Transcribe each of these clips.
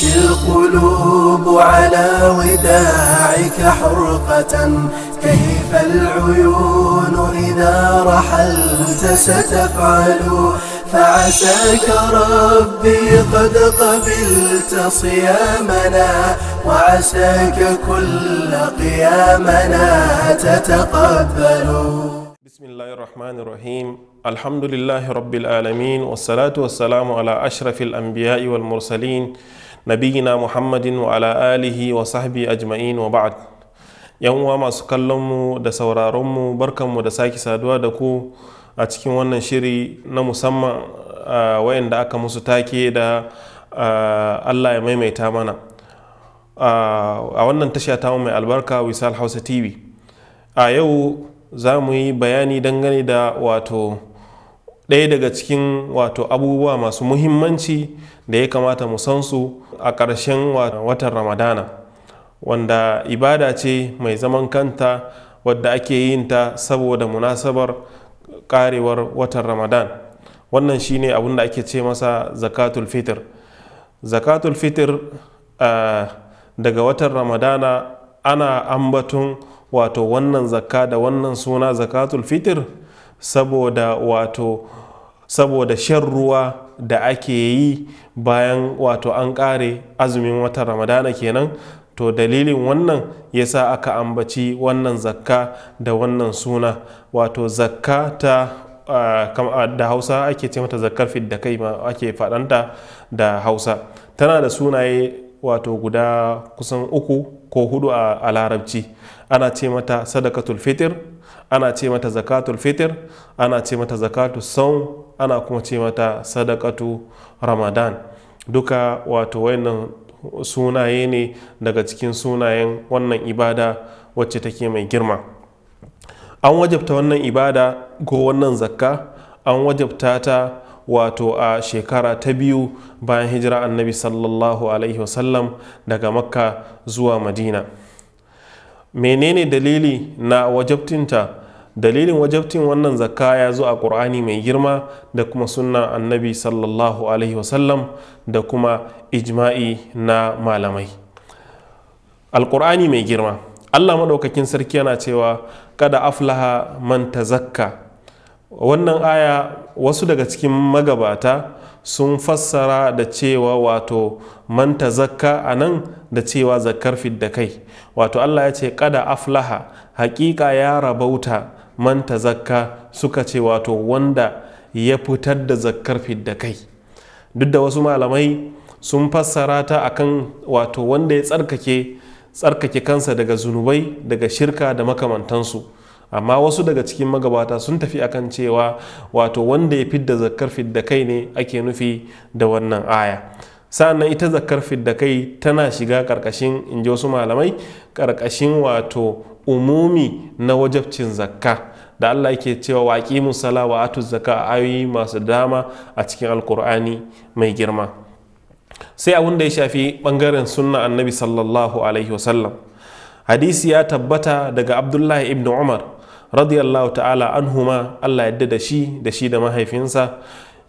تبكي القلوب على وداعك حرقة كيف العيون إذا رحلت ستفعل فعساك ربي قد قبلت صيامنا وعساك كل قيامنا تتقبل بسم الله الرحمن الرحيم الحمد لله رب العالمين والصلاة والسلام على أشرف الأنبياء والمرسلين nabiyina muhammadin wa ala alihi wa sahbi ajma'in wa ba'ad yan uwa masu kallonmu da sauraronmu barkanmu da sake saduwa da ku a cikin wannan shiri na musamman wayanda aka musu take da allah ya maimaita mana a wannan tasha ta mai albarka wisal hausa tv a yau za mu yi bayani dangane da wato ɗaya daga cikin wato abubuwa masu muhimmanci da ya kamata mu san su a ƙarshen watan ramadana wanda ibada ce mai zaman kanta wadda ake yin ta saboda munasabar karewar watan ramadan wannan shine abin da ake ce masa zakatul fitr zakatul fitr daga watan ramadana ana ambaton wato wannan zakka da wannan suna zakatul fitr saboda wato saboda shan ruwa da ake yi bayan wato an kare azumin wata ramadana kenan to dalilin wannan ya sa aka ambaci wannan zakka da wannan suna wato zakka ta da hausa ake ce mata zakkar fit da kai ma ake faɗanta da hausa tana da sunaye wato guda kusan uku ko hudu a larabci ana ce mata sadakatul fitr ana ce mata zakatul fitr ana ce mata zakatu saum ana kuma ce mata sadakatu ramadan duka wato wannan sunaye ne daga cikin sunayen wannan ibada wacce take mai girma an wajabta wannan ibada ko wannan zakka an wajabta ta wato a shekara ta biyu bayan hijira annabi sallallahu alaihi wasallam daga makka zuwa madina menene dalili na wajabtinta dalilin wajabtin wannan zakka ya zo a ƙur'ani mai girma da kuma sunna annabi sallallahu alaihi wasallam da kuma ijma'i na malamai alƙur'ani mai girma allah maɗaukakin sarki yana cewa kada aflaha man ta zakka. wannan aya wasu daga cikin magabata sun fassara da cewa wato manta zakka a nan da cewa zakkar da kai wato Allah ya ce kada aflaha hakika ya rabauta manta zakka suka ce wato wanda ya fitar da zakkar da kai duk da wasu malamai sun fassara ta akan wato wanda ya tsarkake tsarkake kansa daga zunubai daga shirka da makamantansu amma wasu daga cikin magabata sun tafi akan cewa wato wanda ya fidda zakkar fidda kai ne ake nufi da wannan aya sa'annan ita zakkar fidda kai tana shiga karkashin in inji wasu malamai karkashin wato umumi na wajabcin zakka da Allah yake cewa waƙi musala wa atu zaka ayoyi masu dama a cikin alkur'ani mai girma sai abun da ya shafi bangaren sunna annabi sallallahu alaihi wasallam hadisi ya tabbata daga abdullahi ibn umar radiyallahu ta'ala anhuma Allah yadda da shi da shi da mahaifinsa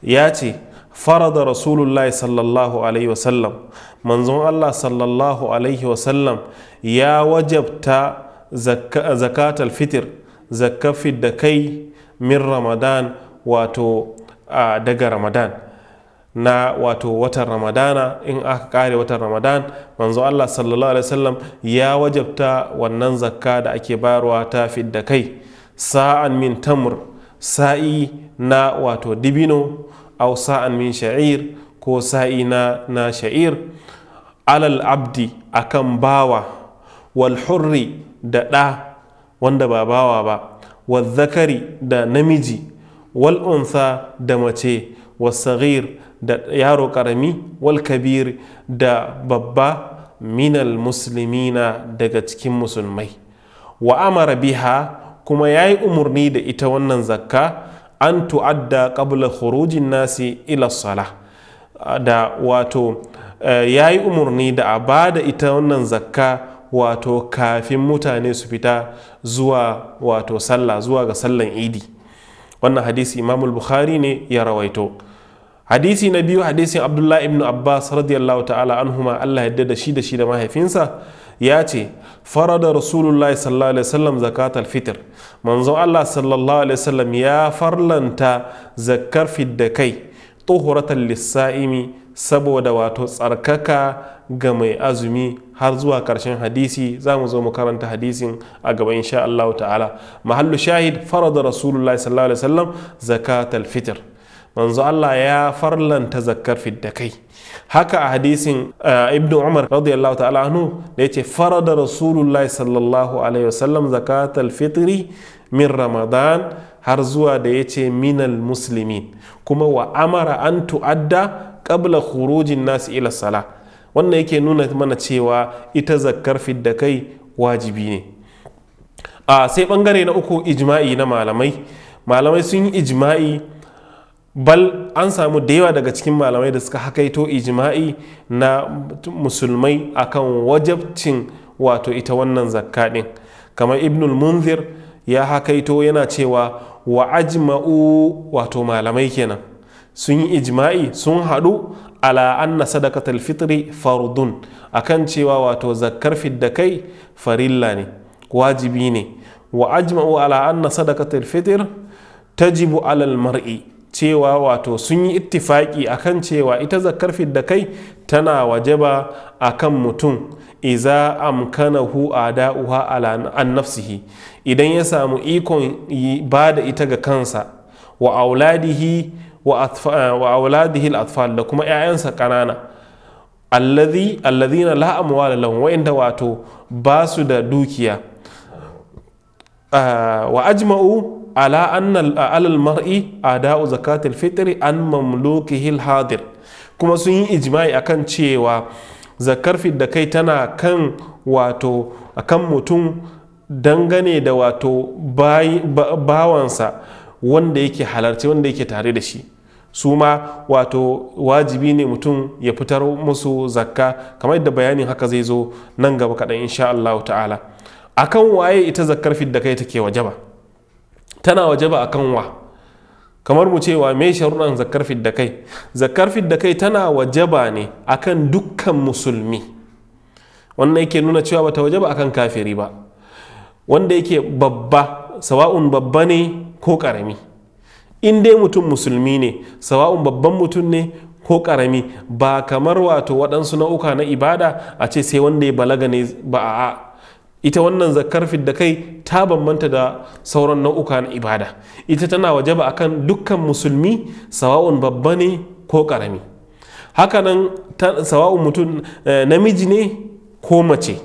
ya ce farada rasulullahi sallallahu alaihi wasallam manzon Allah sallallahu alaihi wasallam ya wajabta zakatul fitir zakafid da kai min ramadan wato daga ramadan na wato watan ramadana in aka kare watan ramadan manzo Allah sallallahu alaihi wasallam ya wajabta wannan zakka da ake bayarwa ta fidda kai sa'an min tamur sa'i na wato dibino au sa'an min sha'ir ko sa'i na, na sha'ir alal abdi akan bawa wal hurri da ɗa wanda ba bawa ba wal zakari da namiji wal unsa da mace wal sagir da yaro ƙarami wal kabir da babba minal muslimina daga cikin musulmai wa amara biha kuma ya yi umarni da ita wannan zakka an tu'adda kabla khurujin nasi ila sala. da wato eh, ya yi umarni da a ba da ita wannan zakka wato kafin mutane su fita zuwa wato sallah zuwa ga sallan idi wannan hadisi imamul bukhari ne ya rawaito hadisi na biyu hadisin abdullahi ibn abbas radiyallahu ta'ala anhuma allah yadda da shi da shi da mahaifinsa ya ce farada rasulullahi sallallahu alaihi wasallam zakatul fitr manzo Allah sallallahu alaihi wasallam ya farlanta zakar fidda kai tuhuratan lissa'imi saboda wato tsarkaka ga mai azumi har zuwa karshen hadisi za mu zo mu karanta hadisin a gaba insha Allah ta'ala mahallu shahid farada rasulullahi sallallahu alaihi wasallam zakatul fitr manzo Allah ya farlanta zakkar fiddakai haka a hadisin eh, ibn umar radiyallahu ta'ala anhu da yace farada rasulullahi sallallahu alaihi wasallam zakatal fitri min ramadan har zuwa da yace minal muslimin kuma wa amara an tu'adda qabla khurujin nas ila sala wannan yake nuna mana cewa ita zakkar fiddakai wajibi ne a ah, sai bangare na uku ijma'i na malamai malamai sun yi ijma'i bal an samu da yawa daga cikin malamai da suka hakaito ijima'i na musulmai akan wajabcin wato ita wannan zakka ɗin kamar ibnul munzir ya hakaito yana cewa wa ajma'u wato malamai kenan sun yi ijima'i sun haɗu ala anna sadaqatul fitri fardun akan cewa wato zakkar fiddakai farilla ne wajibi ne wa ajma'u ala anna sadaqatul ta tajibu alal mar'i cewa wato sun yi ittifaki kan cewa ita zakar da kai tana wajaba kan mutum iza amkanahu ada'uha ala an nafsihi idan ya samu ikon ba da ita ga kansa wa auladihi wa auladihi al da kuma 'ya'yansa ƙanana allazi la'amuwa lahum wa'inda wato ba su da dukiya ah, wa ajma'u ala anna alal mar'i ada'u zakatul fitri an hil hadir kuma sun yi a akan cewa zakar da kai tana kan wato a kan mutum dangane da wato bawansa wanda yake halarci wanda yake tare da shi su ma wato wajibi ne mutum ya fitar musu zakka kamar yadda bayanin haka zai zo nan gaba kaɗan insha Allah ta'ala akan waye ita zakar da kai take wajaba tana waje ba akan wa kamar mu cewa me sharuɗan zakar da kai zakar da kai tana waje ba ne akan dukkan musulmi wannan yake nuna cewa bata wajaba akan kafiri ba wanda yake babba sawa'un babba ne ko karami in dai mutum musulmi ne sawa'un babban mutum ne ko karami ba kamar wato waɗansu nau'uka na ibada a ce sai wanda ya balaga ne ba a ita wannan zakar da kai ta bambanta da sauran nau'uka na ibada ita tana wajaba akan dukkan musulmi sawa'un babba ne ko karami hakanan sawa'un mutum eh, namiji ne ko mace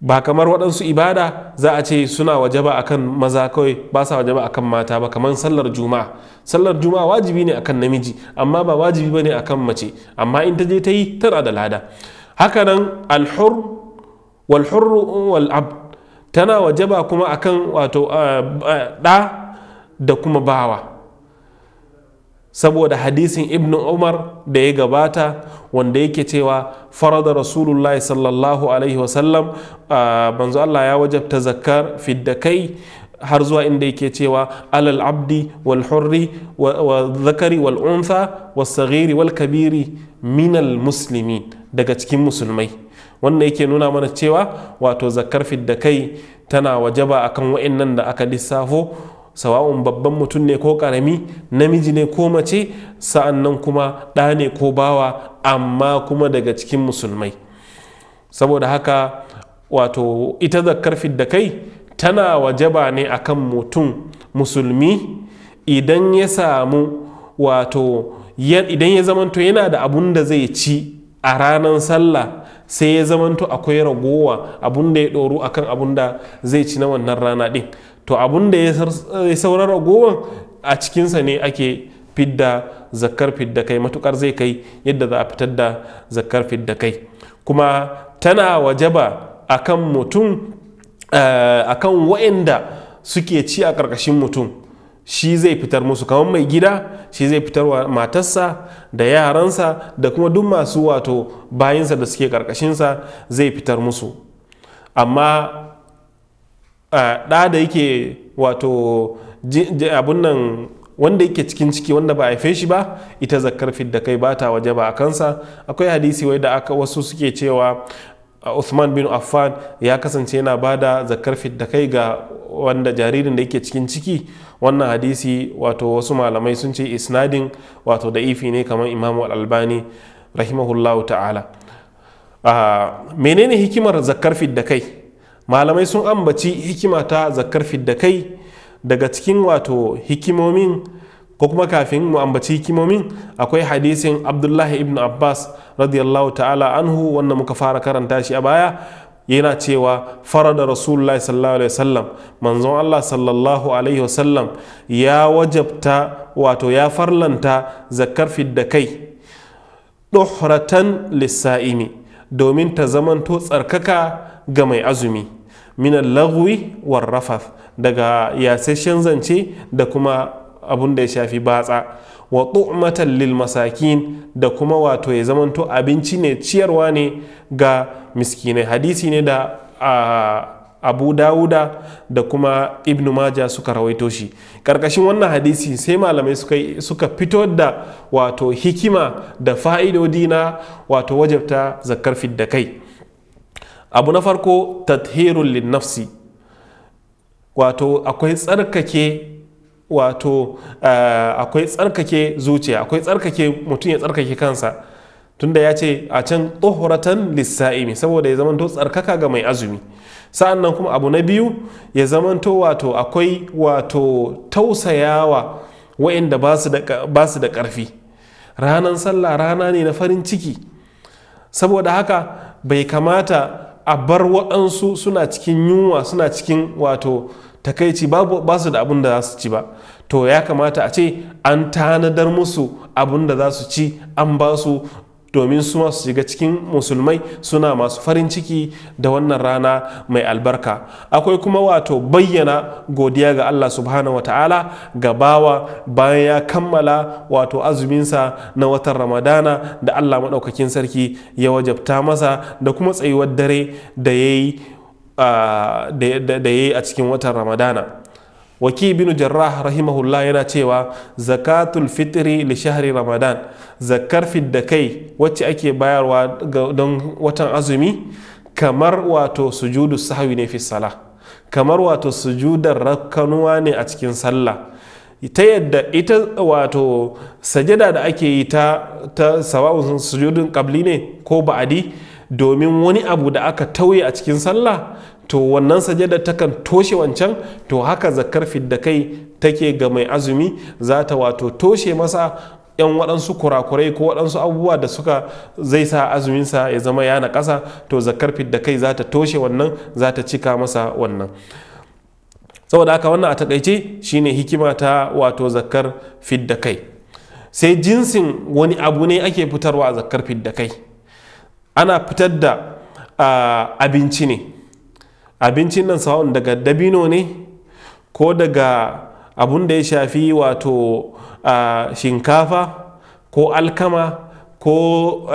ba kamar waɗansu ibada za a ce suna wajaba akan maza kawai ba sa wajaba akan mata ba kamar sallar juma'a sallar juma'a wajibi ne akan namiji amma ba wajibi ba ne akan mace amma in ta je ta yi tana da lada hakanan alhur wal hurru wal tana wajaba kuma akan wato ɗa da kuma bawa saboda hadisin ibn umar da ya gabata wanda yake cewa farada rasulullahi sallallahu alaihi wasallam banzu Allah ya wajabta zakar fiddakai har zuwa inda yake cewa alal abdi wal hurri wa zakari wal untha was sagiri wal kabiri minal muslimin daga cikin musulmai wannan yake nuna mana cewa wato zakar fidda kai tana wajaba akan wa'annan da aka lissafo sawa'un babban mutum ne ko karami namiji ne ko mace sa'an nan kuma ɗa ne ko bawa amma kuma daga cikin musulmai saboda haka wato ita zakar fidda kai tana wajaba ne akan mutum musulmi idan ya samu wato idan ya zamanto yana da abun da zai ci a ranar sallah sai ya zamanto akwai ragowa abun ya ɗoru akan abun zai ci na wannan rana ɗin to abun ya saura ragowan a cikinsa ne ake fidda zakar fidda kai matukar zai kai yadda za a fitar da zakar fidda kai kuma tana wajaba akan mutum eh, akan waɗanda suke ci a ƙarƙashin mutum shi zai fitar musu kamar mai gida shi zai fitar wa matarsa da yaransa da kuma duk masu wato bayinsa da suke karkashinsa zai fitar musu amma ɗa da yake wato abun nan wanda yake cikin ciki wanda ba a haife shi ba ita zakar da kai ba ta waje ba a kansa akwai hadisi wai da aka wasu suke cewa Usman bin Affan ya kasance yana bada da zakar da kai ga wanda jaririn da yake cikin ciki wannan hadisi wato wasu malamai sun ce isnadin wato da ifi ne kamar imamu al-albani rahimahullahu ta'ala ah, menene hikimar zakar da kai malamai sun ambaci hikima ta zakar da kai daga cikin wato hikimomin ko kuma kafin mu ambaci hikimomin akwai hadisin abdullahi ibn abbas radiyallahu ta'ala anhu wanda muka fara karanta shi a baya yana cewa farada rasulullahi sallallahu alaihi wasallam manzon Allah sallallahu alaihi wasallam ya wajabta wato ya farlanta zakar fidda kai duhratan lissa'imi domin ta zamanto tsarkaka ga mai azumi minan lagwi war rafaf daga yasashen zance da kuma abun da ya shafi batsa wa tu'matan lil masakin da kuma wato ya zamanto abinci ne ciyarwa ne ga miskinai hadisi ne da abu dawuda da kuma ibnu maja suka rawaito shi karkashin wannan hadisi sai malamai suka fito da wato hikima da fa'idodi na wato wajabta zakar da kai abu na farko tathirun nafsi wato akwai tsarkake wato eh, akwai tsarkake zuciya akwai tsarkake mutum ya tsarkake kansa tunda ya ce a can tsohoratan lissa'imi saboda ya zamanto tsarkaka ga mai azumi sa'an kuma abu na biyu ya zamanto wato akwai wato tausayawa wa'inda ba su da ƙarfi ranar sallah rana ne na farin ciki saboda haka bai kamata a bar waɗansu suna cikin yunwa suna cikin wato takaici babu ba su da abin da za su ci ba to ya kamata a ce an tanadar musu abin da za su ci an ba su domin su masu shiga cikin musulmai suna masu farin ciki da wannan rana mai albarka akwai kuma wato bayyana godiya ga Allah subhanahu wa ta'ala ga bawa bayan ya kammala wato azuminsa na watan ramadana da Allah maɗaukakin sarki ya wajabta masa da kuma tsayuwar dare da ya yi da ya yi a cikin watan ramadana waki binu jarrah rahimahullah yana cewa zakatul fitri li shahri ramadan zakar fidda kai wacce ake bayarwa don watan azumi kamar wato sujudu sahwi ne fi sala kamar wato sujudar rakanuwa ne a cikin sallah ta yadda ita wato sajada da ake yi ta, ta sawa'un kabli ne ko ba'adi domin wani abu da aka tauye a cikin sallah to wannan sajada takan toshe wancan to haka zakar da kai take ga mai azumi za ta wato toshe masa yan waɗansu kurakurai ko waɗansu abubuwa da suka zai sa azuminsa ya zama yana ƙasa to zakar da kai za ta toshe wannan za ta cika masa wannan saboda haka wannan a takaice shine hikima ta wato zakar fidda kai sai jinsin wani abu ne ake fitarwa a zakar fidda kai ana fitar da abinci ne abincin nan sawa'un daga dabino ne ko daga abun da ya shafi wato shinkafa ko alkama ko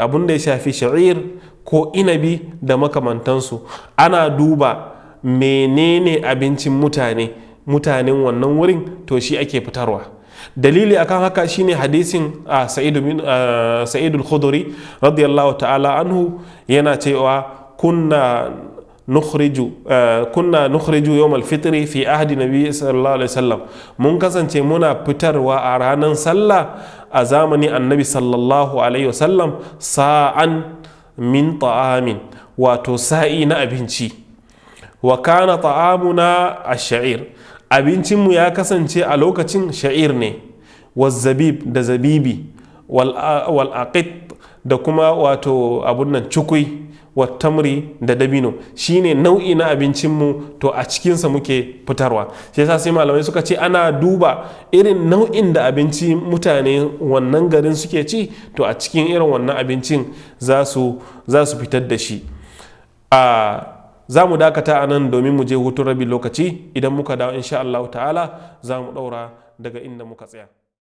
abun da ya shafi sha'ir ko inabi da makamantansu ana duba menene abincin mutane mutanen wannan wurin to shi ake fitarwa dalili akan haka shine hadisin a Sa'idu al radiyallahu ta'ala anhu yana cewa kunna nukhriju kunna nukhriju yawm al fi ahdi nabi sallallahu alaihi wasallam mun kasance muna fitarwa a ranar sallah a zamani annabi sallallahu alaihi wasallam sa'an min ta'amin wato sa'i na abinci wa kana ta'amuna ash-sha'ir abincinmu ya kasance a lokacin sha'ir ne wazzabib da zabibi wal'aqit da kuma wato abun nan cukui tamri da dabino shine nau'i na abincinmu to a cikinsa muke fitarwa shi yasa sai malamai suka ce ana duba irin nau'in da abinci mutane wannan garin suke ci to a cikin irin wannan abincin za su fitar da shi a za mu dakata a nan domin mu je hutun rabin lokaci idan muka dawo insha Allah ta'ala za mu daura daga inda muka tsaya